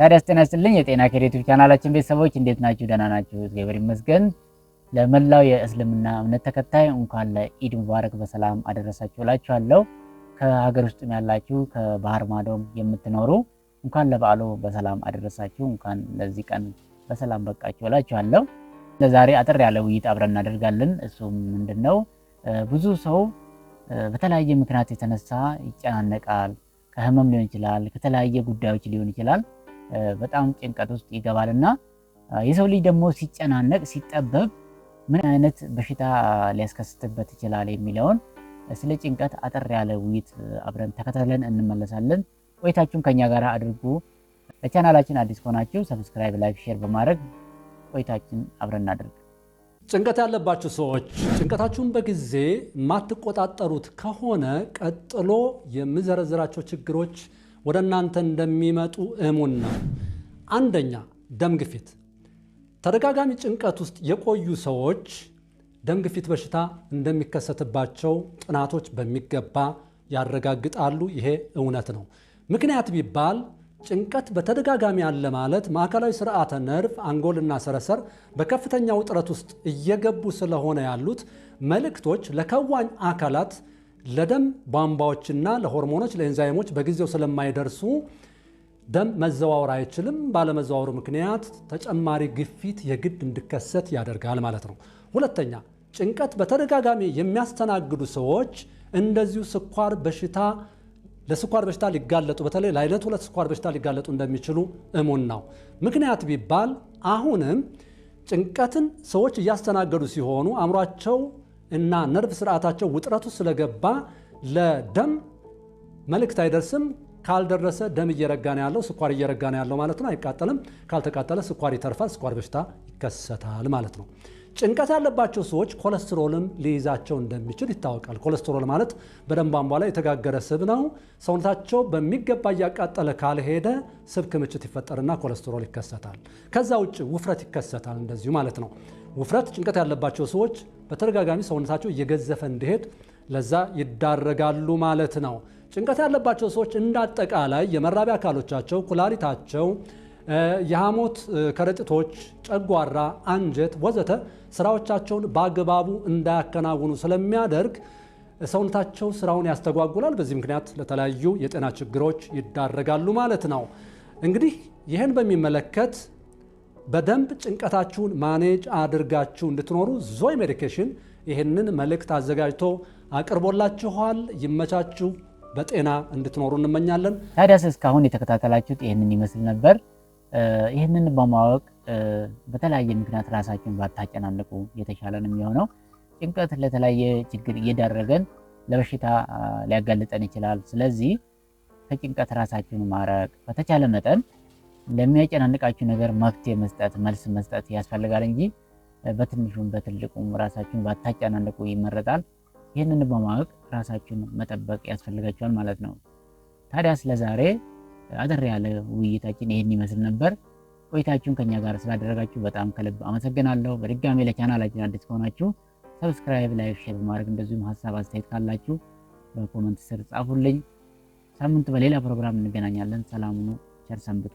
ታዲያ ጤና የጤና ኬር ዩቲዩብ ቻናላችን ቤተሰቦች እንዴት ናችሁ? ደህና ናችሁ? እግዚአብሔር ይመስገን። ለመላው የእስልምና እምነት ተከታይ እንኳን ለኢድ ሙባረክ በሰላም አደረሳችሁ እላችኋለሁ። ከሀገር ውስጥም ያላችሁ ከባህር ማዶም የምትኖሩ እንኳን ለበዓሉ በሰላም አደረሳችሁ፣ እንኳን ለዚህ ቀን በሰላም በቃችሁ እላችኋለሁ። ለዛሬ አጠር ያለ ውይይት አብረን እናደርጋለን። እሱም ምንድን ነው? ብዙ ሰው በተለያየ ምክንያት የተነሳ ይጨናነቃል። ከህመም ሊሆን ይችላል፣ ከተለያየ ጉዳዮች ሊሆን ይችላል በጣም ጭንቀት ውስጥ ይገባል እና የሰው ልጅ ደግሞ ሲጨናነቅ ሲጠበብ ምን አይነት በሽታ ሊያስከስትበት ይችላል የሚለውን ስለ ጭንቀት አጠር ያለ ውይይት አብረን ተከታትለን እንመለሳለን። ቆይታችሁን ከኛ ጋር አድርጉ። ለቻናላችን አዲስ ከሆናችሁ ሰብስክራይብ፣ ላይክ፣ ሼር በማድረግ ቆይታችን አብረን እናድርግ። ጭንቀት ያለባችሁ ሰዎች ጭንቀታችሁን በጊዜ የማትቆጣጠሩት ከሆነ ቀጥሎ የምዘረዝራቸው ችግሮች ወደ እናንተ እንደሚመጡ እሙን ነው። አንደኛ ደም ግፊት። ተደጋጋሚ ጭንቀት ውስጥ የቆዩ ሰዎች ደም ግፊት በሽታ እንደሚከሰትባቸው ጥናቶች በሚገባ ያረጋግጣሉ። ይሄ እውነት ነው። ምክንያት ቢባል ጭንቀት በተደጋጋሚ አለ ማለት ማዕከላዊ ስርዓተ ነርቭ አንጎልና ሰረሰር በከፍተኛ ውጥረት ውስጥ እየገቡ ስለሆነ ያሉት መልእክቶች ለከዋኝ አካላት ለደም ቧንቧዎችና ለሆርሞኖች ለኤንዛይሞች በጊዜው ስለማይደርሱ ደም መዘዋወር አይችልም። ባለመዘዋወሩ ምክንያት ተጨማሪ ግፊት የግድ እንዲከሰት ያደርጋል ማለት ነው። ሁለተኛ ጭንቀት በተደጋጋሚ የሚያስተናግዱ ሰዎች እንደዚሁ ስኳር በሽታ ለስኳር በሽታ ሊጋለጡ በተለይ ለአይነት ሁለት ስኳር በሽታ ሊጋለጡ እንደሚችሉ እሙን ነው። ምክንያት ቢባል አሁንም ጭንቀትን ሰዎች እያስተናገዱ ሲሆኑ አእምሯቸው እና ነርቭ ስርዓታቸው ውጥረቱ ስለገባ ለደም መልእክት አይደርስም። ካልደረሰ ደም እየረጋ ነው ያለው፣ ስኳር እየረጋ ነው ያለው ማለት ነው። አይቃጠልም። ካልተቃጠለ ስኳር ይተርፋል፣ ስኳር በሽታ ይከሰታል ማለት ነው። ጭንቀት ያለባቸው ሰዎች ኮለስትሮልም ሊይዛቸው እንደሚችል ይታወቃል። ኮለስትሮል ማለት በደም ቧንቧ ላይ የተጋገረ ስብ ነው። ሰውነታቸው በሚገባ እያቃጠለ ካልሄደ ስብ ክምችት ይፈጠርና ኮለስትሮል ይከሰታል። ከዛ ውጭ ውፍረት ይከሰታል እንደዚሁ ማለት ነው። ውፍረት ጭንቀት ያለባቸው ሰዎች በተደጋጋሚ ሰውነታቸው እየገዘፈ እንዲሄድ ለዛ ይዳረጋሉ ማለት ነው። ጭንቀት ያለባቸው ሰዎች እንዳጠቃላይ የመራቢያ አካሎቻቸው፣ ኩላሊታቸው፣ የሐሞት ከረጢቶች፣ ጨጓራ፣ አንጀት ወዘተ ስራዎቻቸውን በአግባቡ እንዳያከናውኑ ስለሚያደርግ ሰውነታቸው ስራውን ያስተጓጉላል። በዚህ ምክንያት ለተለያዩ የጤና ችግሮች ይዳረጋሉ ማለት ነው። እንግዲህ ይህን በሚመለከት በደንብ ጭንቀታችሁን ማኔጅ አድርጋችሁ እንድትኖሩ ዞይ ሜዲኬሽን ይህንን መልእክት አዘጋጅቶ አቅርቦላችኋል። ይመቻችሁ። በጤና እንድትኖሩ እንመኛለን። ታዲያስ እስካሁን የተከታተላችሁት ይህንን ይመስል ነበር። ይህንን በማወቅ በተለያየ ምክንያት ራሳችሁን ባታጨናንቁ የተሻለ ነው የሚሆነው። ጭንቀት ለተለያየ ችግር እየዳረገን ለበሽታ ሊያጋልጠን ይችላል። ስለዚህ ከጭንቀት ራሳችሁን ማረቅ በተቻለ መጠን ለሚያጨናንቃችሁ ነገር መፍትሄ መስጠት መልስ መስጠት ያስፈልጋል እንጂ በትንሹም በትልቁም ራሳችሁን ባታጨናንቁ ይመረጣል። ይህንን በማወቅ ራሳችሁን መጠበቅ ያስፈልጋችኋል ማለት ነው። ታዲያ ስለዛሬ አጠር ያለ ውይይታችን ይህን ይመስል ነበር። ቆይታችሁን ከኛ ጋር ስላደረጋችሁ በጣም ከልብ አመሰግናለሁ። በድጋሚ ለቻናላችን አዲስ ከሆናችሁ ሰብስክራይብ፣ ላይክ፣ ሼር በማድረግ እንደዚሁም ሀሳብ አስተያየት ካላችሁ በኮመንት ስር ጻፉልኝ። ሳምንት በሌላ ፕሮግራም እንገናኛለን። ሰላም ሁኑ። ቸር ሰንብቱ።